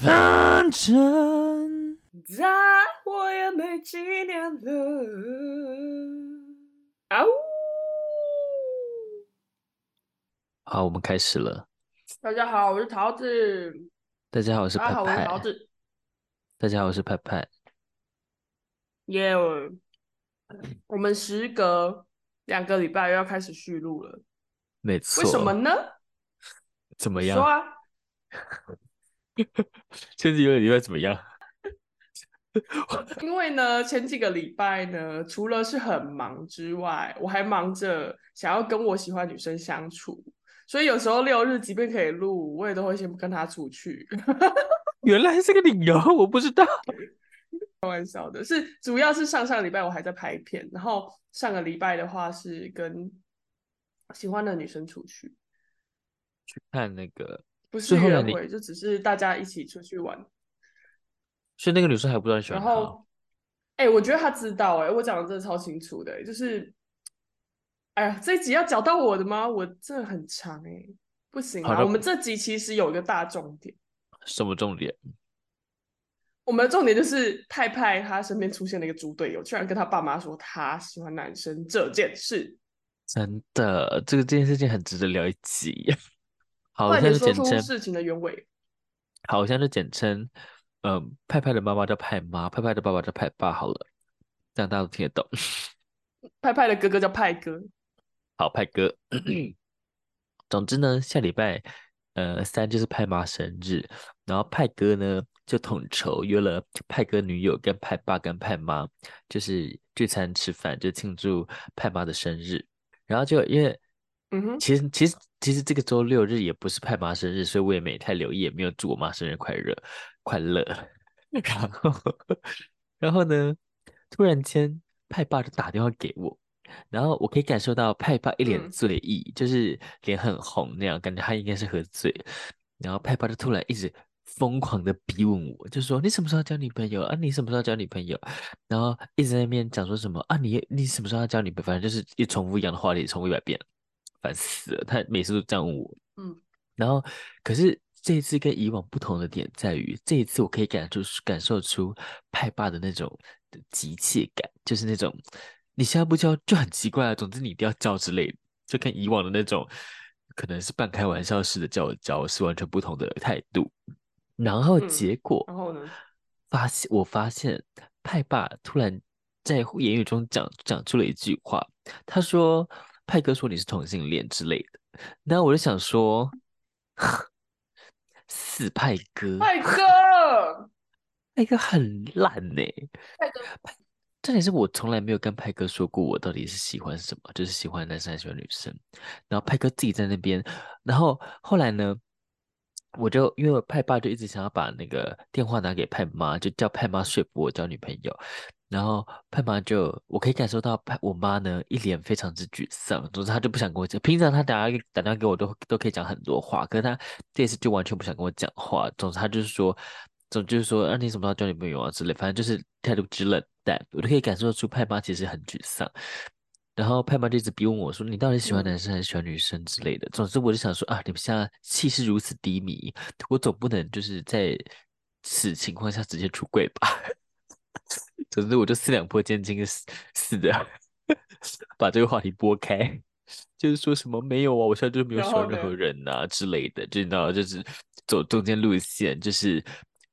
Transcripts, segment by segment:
反正再活也沒幾年了。啊、好，我們開始了。大家好，我是桃子。大家好，我是派派。桃子。大家好，我是派派。耶！我們時隔 兩個禮拜又要開始續錄了。沒錯。為什麼呢？怎麼樣？說啊。 前幾個禮拜怎麼樣？ 因為呢，前幾個禮拜呢，除了是很忙之外，我還忙着想要跟我喜歡女生相處，所以有時候六日即便可以錄，我也都會先跟他出去。 原來是個理由，我不知道。開玩笑的， 是主要是上上禮拜我還在拍片，然後上個禮拜的話是跟喜歡的女生出去去看那個。不是約會，就只是大家一起出去玩。所以那個女生還不知喜歡，然後哎、欸，我覺得她知道、欸。哎，我講的真的超清楚的、欸，就是，哎呀，這一集要找到我的嗎？我真的很長哎、欸，不行啊。的我們這集其實有一個大重點。什麼重點？我們的重點就是泰派他身邊出現了一個豬隊友，居然跟他爸媽說他喜歡男生這件事。真的，這個這件事情很值得聊一集。 好像是簡稱，事情的原委。好像是簡稱，嗯、呃，派派的媽媽叫派媽，派派的爸爸叫派爸，好了，這樣大家都聽得懂。派派的哥哥叫派哥，好派哥。咳咳，嗯，總之呢，下禮拜，呃，三就是派媽生日，然後派哥呢就統籌約了派哥女友跟派爸跟派媽，就是聚餐吃飯，就慶祝派媽的生日。然後就因為。其實，其實，其實這個周六日也不是派爸生日，所以我也沒太留意，也沒有祝我媽生日快樂，快樂。然後，然後呢，突然間派爸就打電話給我，然後我可以感受到派爸一臉醉意，嗯、就是臉很紅那樣，感覺他應該是喝醉。然後派爸就突然一直瘋狂的逼問我，就說你什麼時候交女朋友啊？你什麼時候交女朋友？然後一直在那邊講說什麼啊？你你什麼時候要交女朋友？反正就是一重複一樣的話題，重複一百遍。煩死了，他每次都這樣問我。嗯，然後可是這一次跟以往不同的點在於，這一次我可以感受感受出派爸的那種急切感，就是那種你現在不交就很奇怪啊，總之你一定要交之類的，就跟以往的那種可能是半開玩笑似的叫我交是完全不同的態度。然後結果，嗯、然後呢？發現我發現派爸突然在言語中講講出了一句話，他說。派哥說你是同性戀之類的，然後我就想說，呵死派哥，派哥，派哥很爛哎，派哥，重點是我從來沒有跟派哥說過我到底是喜歡什麼，就是喜歡男生還是喜歡女生。然後派哥自己在那邊，然後後來呢，我就因為我派爸就一直想要把那個電話拿給派媽，就叫派媽說服我交女朋友。然後派媽就，我可以感受到派我媽呢一臉非常之沮喪，總之她就不想跟我講。平常她打打電話給我都都可以講很多話，可是她這次就完全不想跟我講話。總之她就是說，總就是說讓、啊、你怎麼交女朋友啊之類，反正就是態度之冷淡。我都可以感受出派媽其實很沮喪。然後派媽就一直逼問我說：“你到底喜歡男生還是喜歡女生之類的？”總之我就想說啊，你們現在氣勢如此低迷，我總不能就是在此情況下直接出櫃吧。總之我就四兩撥千斤似的，把這個話題撥開，就是說什麼沒有啊，我現在就沒有喜歡任何人吶、啊、之類的，就你知道，就是走中間路線，就是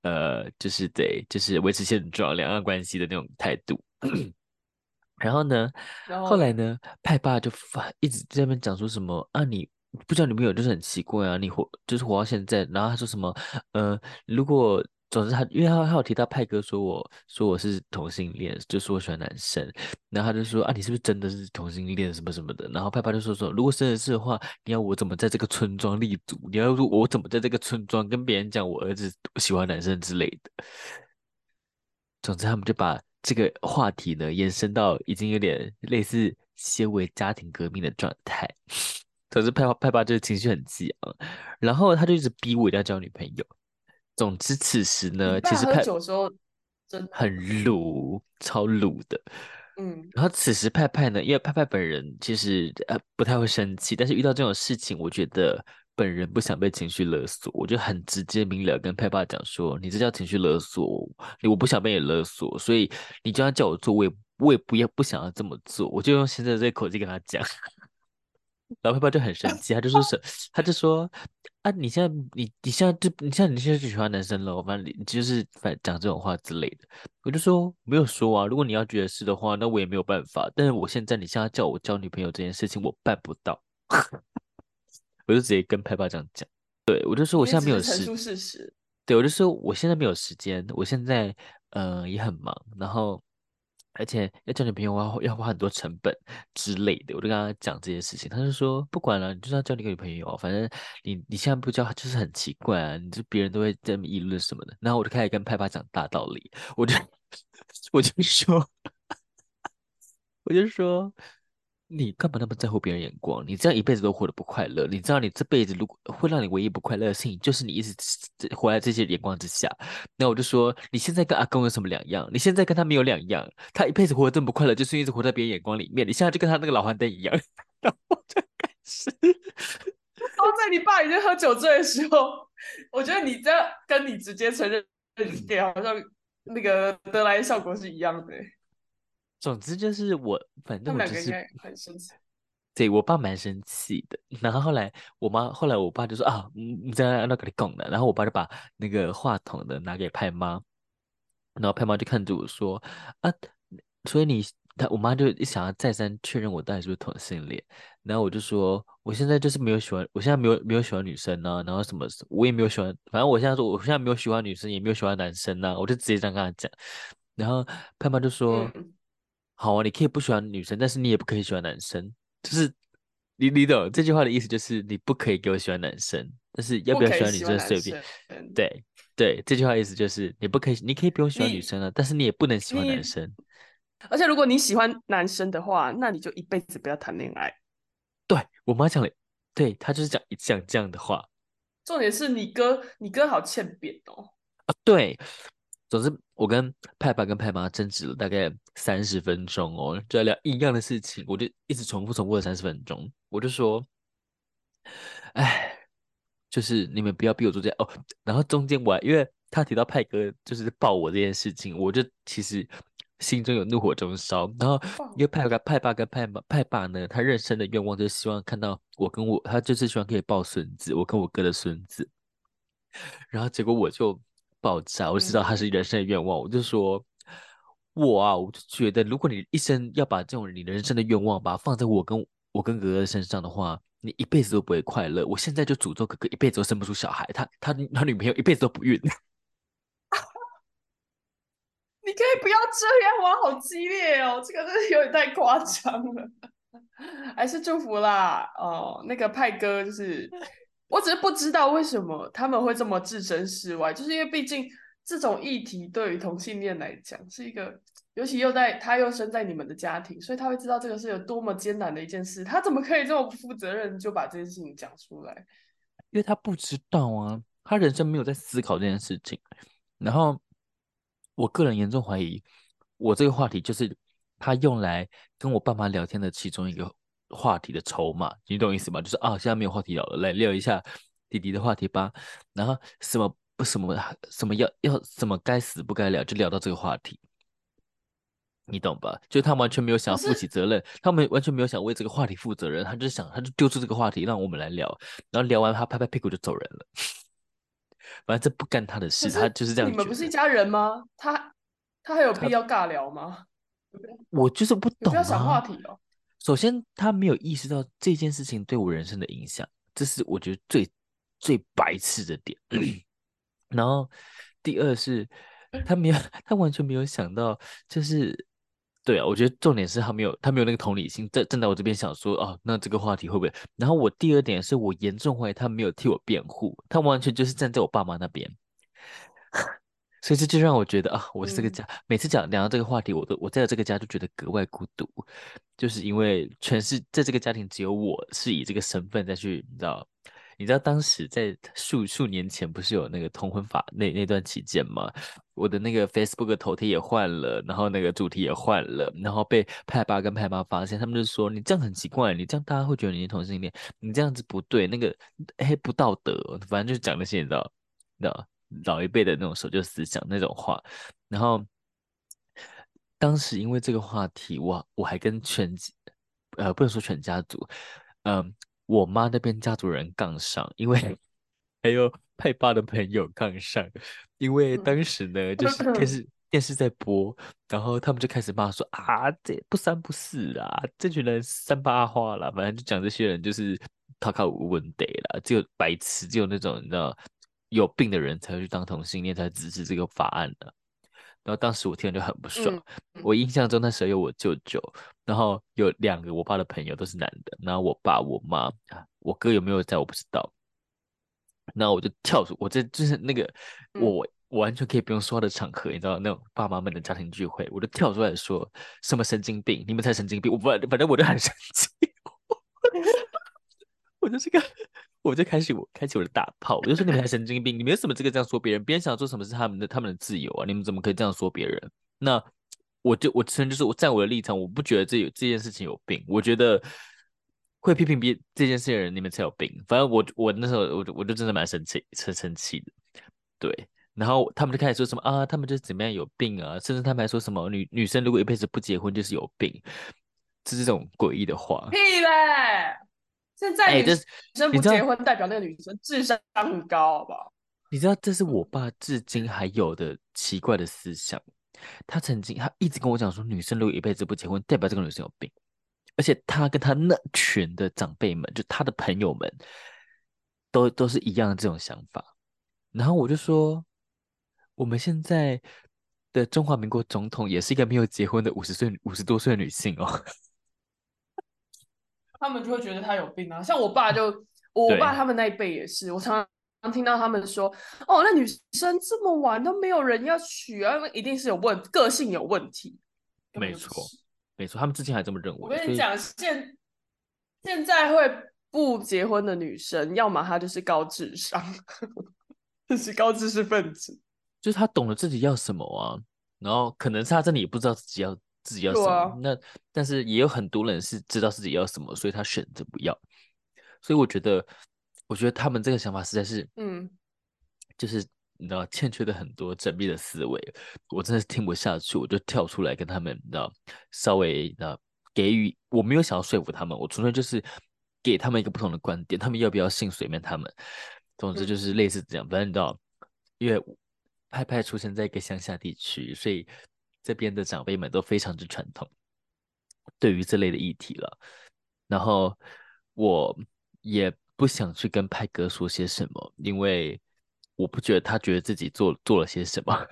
呃，就是得，就是維持現狀，兩岸關係的那種態度。然後呢，後來呢，派爸就發一直在那邊講說什麼啊，你不知道女朋友就是很奇怪啊，你活就是活到現在，然後他說什麼，呃，如果。總之他，他因為他還有提到派哥說我說我是同性戀，就說我喜歡男生，然後他就說啊，你是不是真的是同性戀什麼什麼的？然後派爸就說說，如果真的是的話，你要我怎麼在這個村莊立足？你要我怎麼在這個村莊跟別人講我兒子喜歡男生之類的？總之，他們就把這個話題呢延伸到已經有點類似先為家庭革命的狀態。總之派，派爸派爸就是情緒很激昂，然後他就一直逼我一定要交女朋友。總之，此時呢，爸爸其實派派有時候真的很魯，超魯的。嗯，然後此時派派呢，因為派派本人其實呃不太會生氣，但是遇到這種事情，我覺得本人不想被情緒勒索，我就很直接明了跟派爸講說：“你這叫情緒勒索，我不想被你勒索，所以你就算叫我做，我也我也不要不想要這麼做。”我就用現在這口氣跟他講。然後派爸就很生氣，他就說是， 他就說啊你你，你現在你你現在就你現在你現在就喜歡男生了，我反正就是反正講這種話之類的。我就說沒有說啊，如果你要覺得是的話，那我也沒有辦法。但是我現在你現在叫我交女朋友這件事情，我辦不到。 我就直接跟派爸這樣講，對我就說我現在沒有事 對，我就，我，有對我就說我現在沒有時間，我現在呃也很忙，然後。而且要交女朋友，我要要花很多成本之類的，我就跟他講這些事情，他就說不管了，你就算要交你個女朋友，反正你你現在不交就是很奇怪啊，你就別人都會這麼議論什麼的。然後我就開始跟派爸講大道理，我就我就說，我就說。你幹嘛那麼在乎別人眼光？你這樣一輩子都活得不快樂。你知道你這輩子如果會讓你唯一不快樂的事情，就是你一直活在這些眼光之下。那我就說，你現在跟阿公有什麼兩樣？你現在跟他沒有兩樣。他一輩子活得這麼不快樂，就是一直活在別人眼光裡面。你現在就跟他那個老黃燈一樣。我真是。然後就開始 在你爸已經喝酒醉的時候，我覺得你這樣跟你直接承認，對，好像那個得來的效果是一樣的，欸。總之就是我，反正我就是，對我爸蠻生氣的。然後後來我媽，後來我爸就說啊，你這樣，那那裡講的。然後我爸就把那個話筒的拿給派媽，然後派媽就看着我說啊，所以你，他我媽就一想要再三確認我到底是不是同性戀。然後我就說，我現在就是沒有喜歡，我現在沒有沒有喜歡女生呢、啊。然後什麼，我也沒有喜歡，反正我現在說，我現在沒有喜歡女生，也沒有喜歡男生呢、啊。我就直接這樣跟他講。然後派媽就說。嗯好啊，你可以不喜歡女生，但是你也不可以喜歡男生。就是你你懂這句話的意思，就是你不可以給我喜歡男生，但是要不要喜歡女生隨便。不可以對對，這句話意思就是你不可以，你可以不用喜歡女生了，啊，你但是你也不能喜歡男生。而且如果你喜歡男生的話，那你就一輩子不要談戀愛。對我媽講了，對她就是講一講這樣的話。重點是你哥你哥好欠扁哦。啊，對。總之，我跟派爸跟派媽爭執了大概三十分鐘哦，就在聊一樣的事情，我就一直重複重複了三十分鐘。我就說：“哎，就是你們不要逼我做這樣哦。”然後中間我因為他提到派哥就是抱我這件事情，我就其實心中有怒火中燒。然後因為派爸、派爸跟派媽、派爸呢，他人生的願望就是希望看到我跟我，他就是希望可以抱孫子，我跟我哥的孫子。然後結果我就，爆炸、啊！我知道他是人生的願望，嗯、我就說，我啊，我就覺得，如果你一生要把這種你人生的願望，吧，放在我跟我跟哥哥身上的話，你一輩子都不會快樂。我現在就詛咒哥哥一輩子都生不出小孩，他他他女朋友一輩子都不孕。你可以不要這樣玩，我好激烈哦，這個真的有點太誇張了，啊、還是祝福啦哦，那個派哥就是。我只是不知道為什麼他們會這麼置身事外，就是因為畢竟這種議題對於同性戀來講是一個，尤其又在他又生在你們的家庭，所以他會知道這個是有多麼艱難的一件事，他怎麼可以這麼不負責任就把這件事情講出來？因為他不知道啊，他人生沒有在思考這件事情。然後，我個人嚴重懷疑，我這個話題就是他用來跟我爸媽聊天的其中一個。話題的籌碼，你懂意思嗎？就是啊，現在沒有話題聊了，來聊一下弟弟的話題吧。然後什麼不什麼什麼要要什麼該死不該聊，就聊到這個話題，你懂吧？就他完全沒有想要負起責任，是他們完全沒有想為這個話題負責任，他就是想，他就丟出這個話題讓我們來聊，然後聊完他拍拍屁股就走人了。 反正不干他的事，是他就是這樣。你們不是一家人嗎？他他還有必要尬聊嗎？我就是不懂啊，你不要想話題哦。首先，他沒有意識到這件事情對我人生的影響，這是我覺得最最白痴的點。 然後，第二是，他沒有，他完全沒有想到，就是對啊，我覺得重點是他沒有，他沒有那個同理心，站站在我這邊想說哦，那這個話題會不會？然後我第二點是我嚴重懷疑他沒有替我辯護，他完全就是站在我爸媽那邊。 所以這就讓我覺得啊，我是這個家、嗯、每次講聊到這個話題，我都我在這個家就覺得格外孤獨，就是因為全是在這個家庭只有我是以這個身份再去，你知道？你知道當時在數數年前不是有那個同婚法那那段期間嗎？我的那個 Facebook 頭貼也換了，然後那個主題也換了，然後被派爸跟派媽發現，他們就說你這樣很奇怪，你這樣大家會覺得你是同性戀，你這樣子不對，那個黑、欸、不道德，反正就是講那些，你知道？你知道？老一輩的那種守舊思想那種話，然後當時因為這個話題，我我還跟全，呃，不能說全家族，嗯，我媽那邊家族人槓上，因為還有派爸的朋友槓上，因為當時呢，就是電視電視在播，嗯、然後他們就開始罵說 啊，這不三不四啊，這群人三八話啦，反正就講這些人就是他靠無問得啦就白痴，就那種你知道。有病的人才會去當同性戀，才支持這個法案的啊，然後當時我聽了就很不爽。我印象中那時候有我舅舅，然後有兩個我爸的朋友都是男的，然後我爸我媽，我哥有沒有在我不知道。那我就跳出，我這就，就是那個我我完全可以不用說話的場合，你知道那種爸媽們的家庭聚會，我就跳出來說什麼神經病，你們才神經病！我反反正我就很神經，我就是個。我就開始我開啟我的大炮，我就說你們才神經病，你們有什麼這個這樣說別人？別人想做什麼是他們的他們的自由啊，你們怎麼可以這樣說別人？那我就我真的就是我站我的立場，我不覺得這有這件事情有病，我覺得會批評別這件事的人，你們才有病。反正我我那時候我我就真的蠻生氣，很生氣。對，然後他們就開始說什麼啊，他們就是怎麼樣有病啊，甚至他們還說什麼女女生如果一輩子不結婚就是有病，就是這種詭異的話。屁嘞！現在女生不結婚代表那個女生智商很高，好不好？哎，你知道，你知道這是我爸至今還有的奇怪的思想。他曾經他一直跟我講說，女生如果一輩子不結婚，代表這個女生有病。而且他跟他那群的長輩們，就他的朋友們，都都是一樣的這種想法。然後我就說，我們現在的中華民國總統也是一個沒有結婚的五十歲五十多歲女性哦。他們就會覺得他有病啊，像我爸就，我爸他們那一輩也是，對我常常聽到他們說，哦，那女生這麼晚都沒有人要娶啊，他們一定是有問題，個性有問題，沒錯沒，有沒錯，他們之前還這麼認為。我跟你講，以現在現在會不結婚的女生，要麼她就是高智商，就是高知識分子，就是她懂得自己要什麼啊，然後可能是她真的也不知道自己要。自己要什麼？哦、那但是也有很多人是知道自己要什麼，所以他選擇不要。所以我覺得，我覺得他們這個想法實在是，嗯，就是你知道，欠缺的很多縝密的思維。我真的是聽不下去，我就跳出來跟他們，你知道，稍微，的給予我沒有想要說服他們，我純粹就是給他們一個不同的觀點，他們要不要信隨便他們。總之就是類似這樣，嗯、反正你知道，因為派派出生在一個鄉下地區，所以。這邊的長輩們都非常之傳統，對於這類的議題了。然後我也不想去跟派哥說些什麼，因為我不覺得他覺得自己做做了些什麼。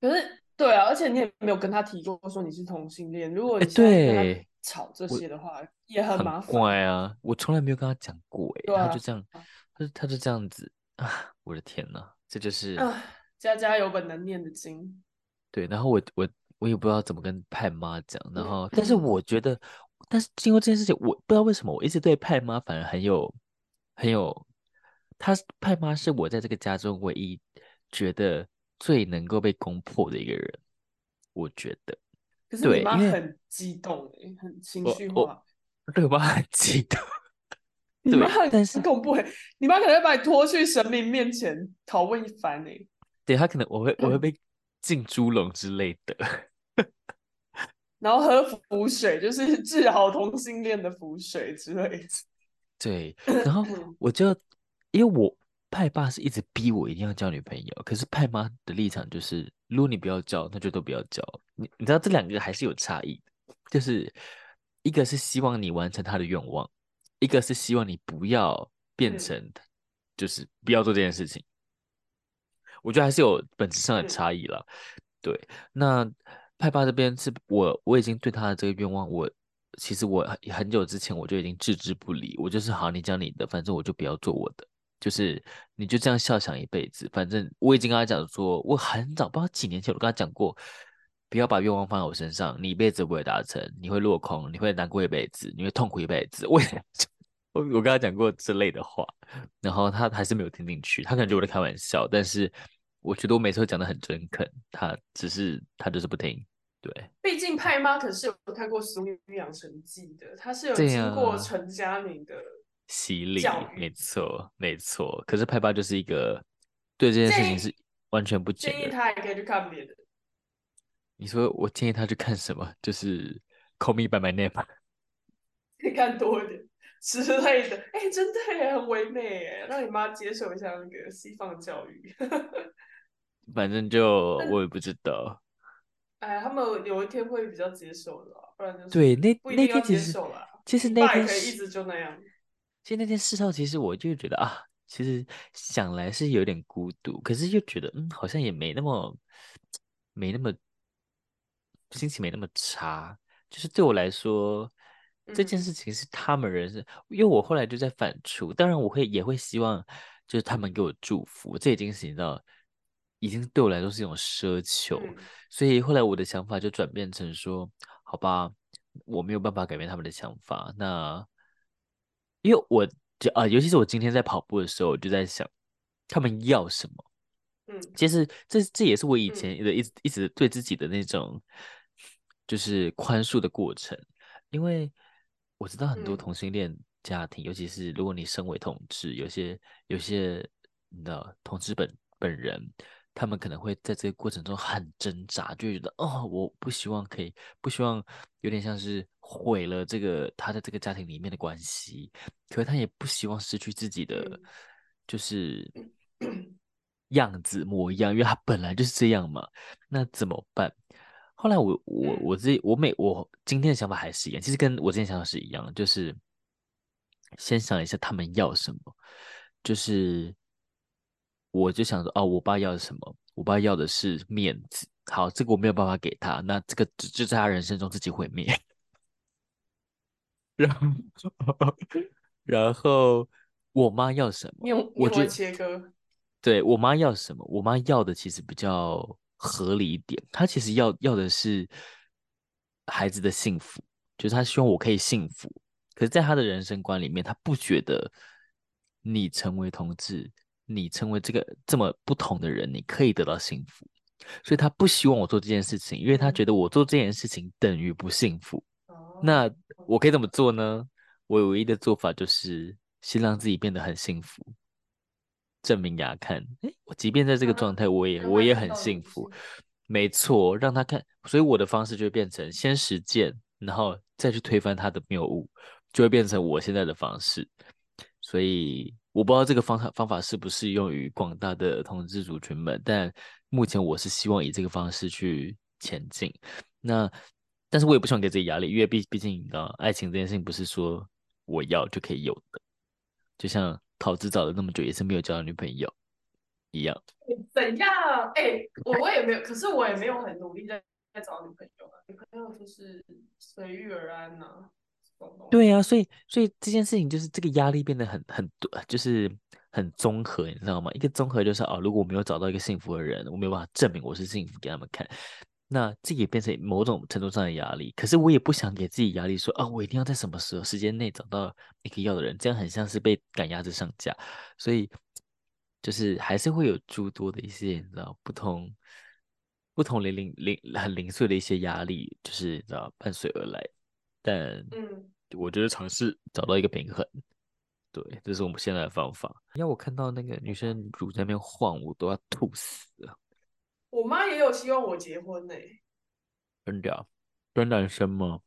可是，對啊，而且你也沒有跟他提過說你是同性戀。如果對吵這些的話，欸、對也很麻煩啊。怪啊，我從來沒有跟他講過，欸，哎、啊，他就這樣，他就，他就這樣子啊！我的天哪，這就是，啊、家家有本難念的經。對，然後我我我也不知道怎麼跟派媽講，然後但是我覺得，但是經過這件事情，我不知道為什麼我一直對派媽反而很有很有，他派媽是我在這個家中唯一覺得最能夠被攻破的一個人，我覺得。可是你媽很激動哎，很情緒化。對，我對媽很激動。你媽很 對但是恐怖哎，你媽可能會把你拖去神明面前討問一番哎、欸。對，她可能我會我會被。嗯浸豬籠之類的 ，然後喝符水，就是治好同性戀的符水之類的。對，然後我就，因為我派爸是一直逼我一定要交女朋友，可是派媽的立場就是，如果你不要交，那就都不要交。你你知道這兩個還是有差異的，就是一個是希望你完成他的願望，一個是希望你不要變成，嗯、就是不要做這件事情。我覺得還是有本質上的差異了。對，那派爸這邊是，我我已經對他的這個願望，我其實我很久之前我就已經置之不理。我就是，好，你講你的，反正我就不要做我的。就是，你就這樣笑想一輩子。反正我已經跟他講說，我很早不知道幾年前我都跟他講過，不要把願望放在我身上，你一輩子不會達成，你會落空，你會難過一輩子，你會痛苦一輩子。我我 我跟他講過之類的話，然後他還是沒有聽進去，他感覺我在開玩笑，但是。我覺得我每次會講的很中肯，他只是他就是不聽。對，畢竟派媽可是有看過《俗女養成記》的，他是有經過陳嘉明的洗禮。沒錯，沒錯。可是派爸就是一個對這件事情是完全不建議，他可以去看別的。你說我建議他去看什麼？就是《Call Me by My Name》啊，可以看多一點之類的。哎，真的也很唯美哎，讓你媽接受一下那個西方教育。 反正就我也不知道，哎，他們有一天會比較接受的，不然就不一，對，那那天其實其實那天事後其實我就覺得啊，其實想來是有點孤獨，可是又覺得嗯，好像也沒那麼沒那麼心情沒那麼差，就是對我來說這件事情是他們人生，嗯，因為我後來就在反芻，當然我會也會希望就是他們給我祝福，這已經是你知道。已經對我來說是一種奢求，所以後來我的想法就轉變成說：“好吧，我沒有辦法改變他們的想法。”那因為我就啊，呃，尤其是我今天在跑步的時候，我就在想，他們要什麼？其實這這也是我以前的一直一直對自己的那種就是寬恕的過程，因為我知道很多同性戀家庭，尤其是如果你身為同志，有些有些你知道同志本本人。他們可能會在這個過程中很掙扎，就會覺得哦，我不希望可以，不希望有點像是毀了這個他在這個家庭裡面的關係，可他也不希望失去自己的就是樣子模樣，因為他本來就是這樣嘛。那怎麼辦？後來我我我自己，我每我今天的想法還是一樣，其實跟我之前想法是一樣，就是先想一下他們要什麼，就是。我就想說，哦，我爸要的什麼？我爸要的是面子。好，這個我沒有辦法給他。那這個就，就在他人生中自己毀滅。 然後，然後我媽要什麼？用用得切割。我就對我媽要什麼？我媽要的其實比較合理一點。她其實要要的是孩子的幸福，就是她希望我可以幸福。可是，在她的人生觀裡面，她不覺得你成為同志，你成為這個這麼不同的人，你可以得到幸福，所以他不希望我做這件事情，因為他覺得我做這件事情等於不幸福。那我可以怎麼做呢？我唯一的做法就是先讓自己變得很幸福，證明給他看，我、嗯、即便在這個狀態，我也、啊、我也很幸福。嗯、沒錯，讓他看，所以我的方式就會變成先實踐，然後再去推翻他的謬誤，就會變成我現在的方式。所以。我不知道這個方法方法適不適用於廣大的同志族群們，但目前我是希望以這個方式去前進。那，但是我也不想給自己壓力，因為畢畢竟，你知道、啊、愛情這件事情不是說我要就可以有的。就像陶子找了那麼久，也是沒有交到女朋友一樣。等一下，哎、欸，我我也沒有， 可是我也沒有很努力在在找女朋友啊，女朋友就是隨遇而安呢、啊。對啊，所以所以這件事情就是這個壓力變得很很多，就是很綜合，你知道嗎？一個綜合就是哦，如果我沒有找到一個幸福的人，我沒有辦法證明我是幸福給他們看，那這也變成某種程度上的壓力。可是我也不想給自己壓力說，說、哦、啊，我一定要在什麼時候時間內找到一個要的人，這樣很像是被趕鴨子上架。所以就是還是會有諸多的一些，你知道，不同不同零零零很零碎的一些壓力，就是你知道伴隨而來，但嗯。我覺得嘗試找到一個平衡，對，這是我們現在的方法。因為我看到那個女生乳在那邊晃，我都要吐死了。我媽也有希望我結婚呢、欸，真屌，跟男生嗎？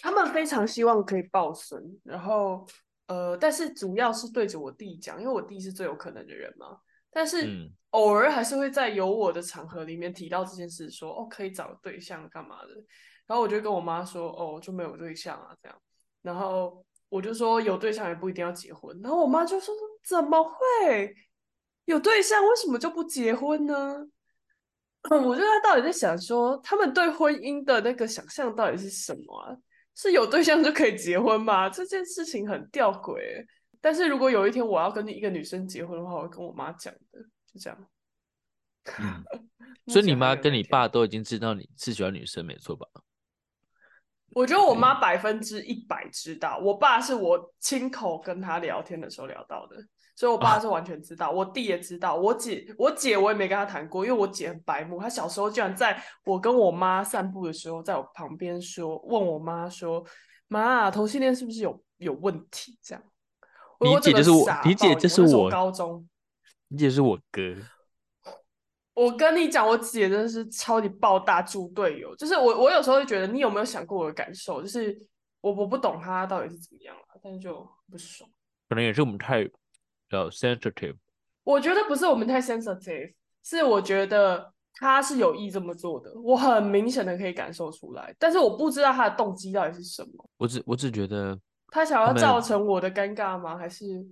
他們非常希望可以抱孫，然後呃，但是主要是對着我弟講，因為我弟是最有可能的人嘛。但是偶爾還是會在有我的場合裡面提到這件事說，說、嗯、哦可以找對象幹嘛的。然後我就跟我媽說哦就沒有對象啊這樣。然後我就說有對象也不一定要結婚，然後我媽就說，怎麼會有對象，為什麼就不結婚呢？嗯、我就在到底在想說，他們對婚姻的那個想象到底是什麼、啊？是有對象就可以結婚嗎？這件事情很吊詭、欸。但是如果有一天我要跟你一個女生結婚的話，我會跟我媽講的，就這樣。嗯、所以你媽跟你爸都已經知道你是喜歡女生，沒錯吧？我覺得我媽百分之一百知道，嗯、我爸是我親口跟他聊天的時候聊到的，所以我爸是完全知道，啊、我弟也知道，我姐、我姐，我也沒跟他談過，因為我姐很白目，她小時候居然在我跟我媽散步的時候，在我旁邊說問我媽說，媽，同性戀是不是有有問題這樣？我姐就是我，我你姐就是我，我高中，你姐就是我哥。我跟你講，我姐真的是超級爆大豬隊友。就是我，我有時候就覺得，你有沒有想過我的感受？就是我我不懂他到底是怎麼樣了，但是就不爽。可能也是我們太 sensitive。我覺得不是我們太 sensitive，是我覺得他是有意這麼做的，我很明顯的可以感受出來。但是我不知道他的動機到底是什麼。我只我只覺得他，他想要造成我的尷尬嗎？還是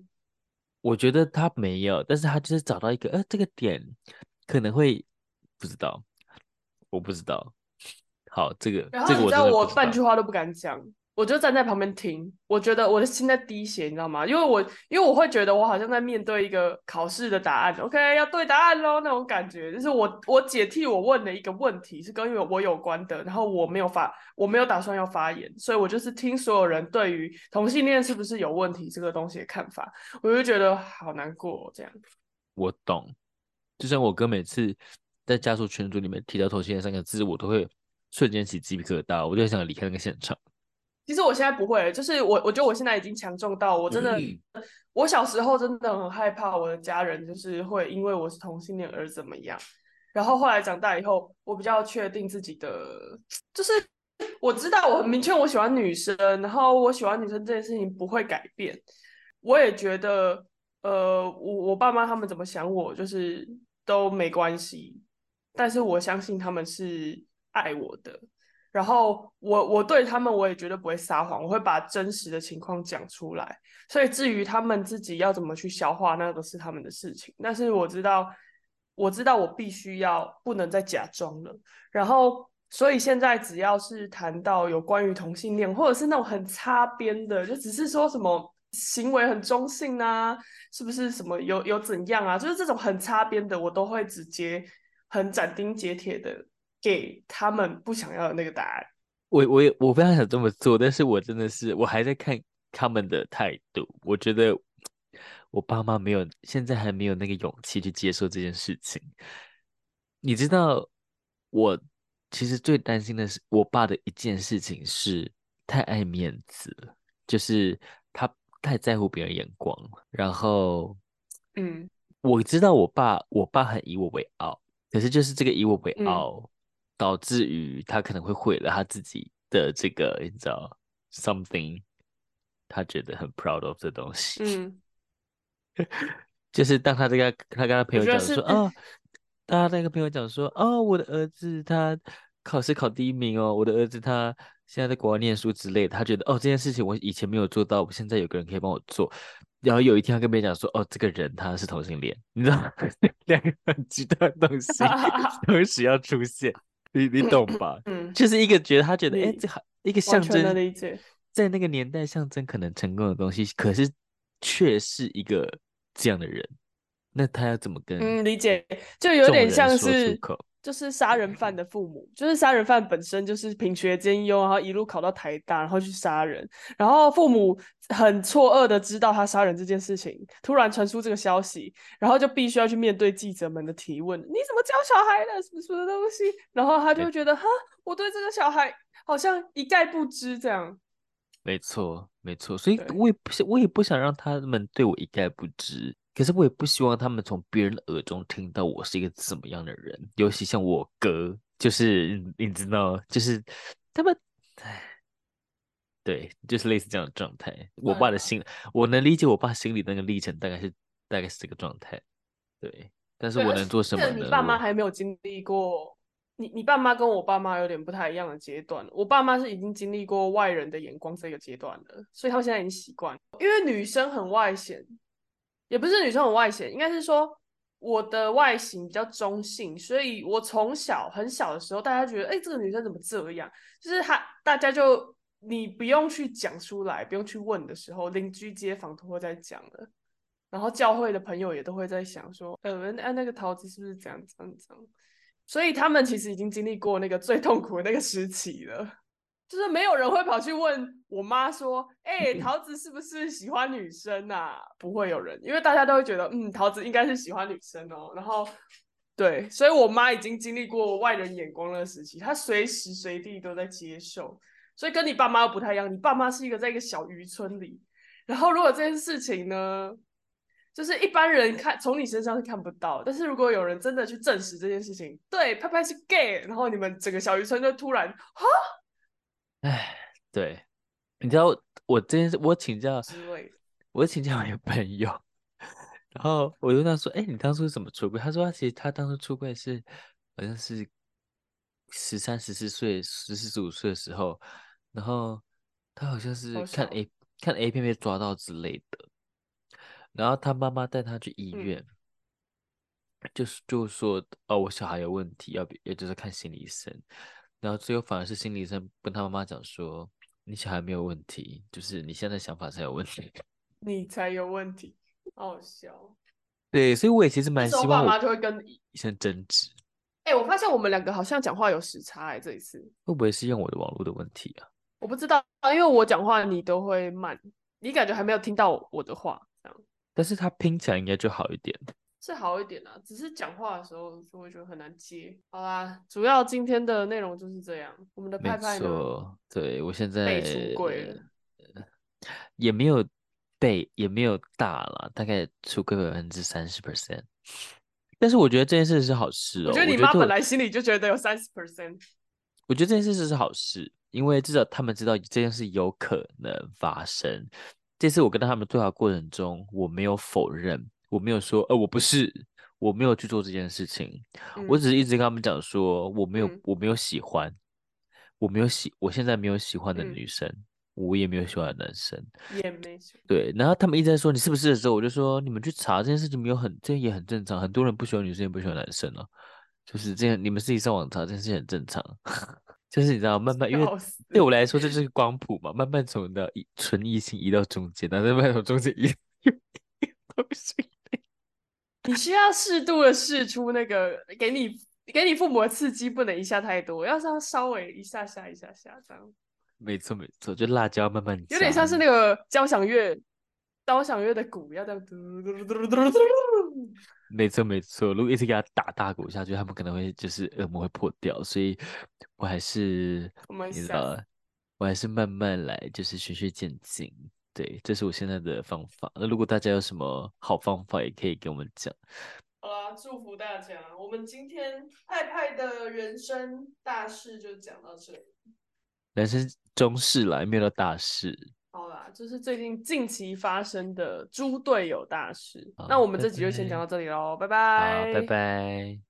我覺得他沒有，但是他就是找到一個呃這個點。可能會不知道，我不知道。好，這個。然後你知道，我半句話都不敢講，我就站在旁邊聽。我覺得我的心在滴血，你知道嗎？因為我，因為我會覺得我好像在面對一個考試的答案。OK，要對答案嘍，那種感覺。就是我，我姐替我問的一個問題是跟我有關的，然後我沒有發，我沒有打算要發言，所以我就是聽所有人對於同性戀是不是有問題這個東西的看法，我就覺得好難過這樣。我懂。就像我哥每次在家族群組裡面提到同性戀三個字，我都會瞬間起雞皮疙瘩，我就想離開那個現場。其實我現在不會，就是我，我覺得我現在已經強壯到我真的，嗯、我小時候真的很害怕我的家人就是會因為我是同性戀而怎麼樣。然後後來長大以後，我比較確定自己的，就是我知道我很明確我喜歡女生，然後我喜歡女生這件事情不會改變。我也覺得，呃，我我爸媽他們怎麼想我就是。都沒關係，但是我相信他們是愛我的，然後我我對他們我也絕對不會撒謊，我會把真實的情況講出來。所以至於他們自己要怎麼去消化，那都是他們的事情。但是我知道，我知道我必須要不能再假裝了。然後，所以現在只要是談到有關於同性戀，或者是那種很擦邊的，就只是說什麼。行為很中性啊，是不是什麼有有怎樣啊？就是這種很擦邊的，我都會直接很斬釘截鐵的給他們不想要的那個答案。我我也我非常想這麼做，但是我真的是我還在看他們的態度。我覺得我爸媽沒有現在還沒有那個勇氣去接受這件事情。你知道，我其實最擔心的是我爸的一件事情是太愛面子了，就是。太在乎別人眼光，然後，嗯，我知道我爸，我爸很以我為傲，可是就是這個以我為傲，嗯、導致於他可能會毀了他自己的這個你知道，something，他覺得很 proud of 的東西，嗯， 就是當他這個他跟他朋友講說，啊，他、哦、那個朋友講說，啊、哦，我的兒子他考試考第一名哦，我的兒子他。現在在國外念書之類，他覺得哦，這件事情我以前沒有做到，現在有個人可以幫我做。然後有一天他跟別人講說，哦，這個人他是同性戀，你知道嗎？ 兩個很極端的東西同時要出現， 你你懂吧？嗯，嗯，就是一個覺得他覺得哎你這一個象徵，在那個年代象徵可能成功的東西，可是卻是一個這樣的人，那他要怎麼跟？嗯，理解，就有點像是。就是殺人犯的父母，就是殺人犯本身就是品學兼優，然後一路考到台大，然後去殺人，然後父母很錯愕的知道他殺人這件事情，突然傳出這個消息，然後就必須要去面對記者們的提問，你怎麼教小孩的什麼什麼東西，然後他就覺得哈對，我對這個小孩好像一概不知這樣，沒錯，沒錯，所以我也不想我也不想讓他們對我一概不知。可是我也不希望他們從別人的耳中聽到我是一個怎麼樣的人，尤其像我哥，就是你知道，就是他們，哎，對，就是類似這樣的狀態。我爸的心，我能理解我爸心裡那個歷程，大概是大概是這個狀態。對，但是我能做什麼呢？你爸媽還沒有經歷過，你你爸媽跟我爸媽有點不太一樣的階段。我爸媽是已經經歷過外人的眼光這個階段了，所以他現在已經習慣了，因為女生很外顯。也不是女生很外顯，應該是說我的外形比較中性，所以我從小很小的時候，大家覺得，哎、欸，這個女生怎麼這樣？就是她，大家就你不用去講出來，不用去問的時候，鄰居街坊都會在講的，然後教會的朋友也都會在想說，呃、嗯，那個桃子是不是這樣這樣，這樣？所以他們其實已經經歷過那個最痛苦的那個時期了。就是沒有人會跑去問我媽說：“哎、欸，桃子是不是喜歡女生啊？”不會有人，因為大家都會覺得，嗯，桃子應該是喜歡女生哦。然後，對，所以我媽已經經歷過外人眼光的時期，她隨時隨地都在接受。所以跟你爸媽不太一樣，你爸媽是一個在一個小漁村裡。然後，如果這件事情呢，就是一般人看從你身上是看不到，但是如果有人真的去證實這件事情，對，派派是 gay，然後你們整個小漁村就突然哈。哎，對，你知道我這件事我，我請教，對我請教一個朋友，然後我就跟他說：“哎、欸，你當初是怎麼出櫃？”他說：“他其實他當初出櫃是好像是十三十四歲十四十五歲的時候，然後他好像是看 A, 好小看 A 看 A 片被抓到之類的，然後他媽媽帶他去醫院，嗯、就是就說：‘哦，我小孩有問題，要不也就是看心理醫生。’”然後最後反而是心理醫生跟他媽媽講說，你小孩沒有問題，就是你現在想法才有問題，你才有問題，好笑。對，所以我也其實蠻希望我，我爸媽就會跟醫生爭執。哎、欸，我發現我們兩個好像講話有時差，哎、欸，這一次會不會是用我的網絡的問題啊？我不知道，因為我講話你都會慢，你感覺還沒有聽到我的話這樣。但是他拼起來應該就好一點。是好一點啦、啊，只是講話的時候就會覺得很難接，好啦，主要今天的內容就是這樣。我們的派派呢？對我現在出櫃了、呃，也沒有被，也沒有大了，大概出櫃百分之三十 percent。但是我覺得這件事是好事、哦。我覺得你媽本來心裡就覺得有三十 percent。我覺得這件事是好事，因為至少他們知道這件事有可能發生。這次我跟他們對話的過程中，我沒有否認。我沒有說，呃，我不是，我沒有去做這件事情。嗯、我只是一直跟他們講說，我沒有，嗯、我沒有喜歡，我沒有喜，我現在沒有喜歡的女生，嗯、我也沒有喜歡的男生，也沒。對，然後他們一直在說你是不是的時候，我就說你們去查這件事情，沒有很，這也很正常。很多人不喜歡女生，也不喜歡男生了、哦，就是這樣。你們自己上網查，這件事情很正常。 就是你知道，慢慢，因為對我來說這就是光譜嘛， 慢慢從的純異性移到中間，但是慢慢從中間移到同性。 你需要適度的釋出那個給，給你給你父母的刺激，不能一下太多，要是要稍微一下下一下下這樣。沒錯沒錯，就辣椒慢慢。有點像是那個交響樂，交響樂的鼓要這樣嘟嘟嘟嘟嘟，嘟，嘟，嘟，嘟。沒錯沒錯，如果一直給他打大鼓下去，他們可能會就是耳膜會破掉，所以我還是我們你知道，我還是慢慢來，就是循序漸進。對，這是我現在的方法。那如果大家有什麼好方法，也可以跟我們講。好啦，祝福大家。我們今天派派的人生大事就講到這裡。人生中事啦，沒有大事。好啦，就是最近近期發生的豬隊友大事。好那我們這集就先講到這裡嘍拜，拜拜，拜拜。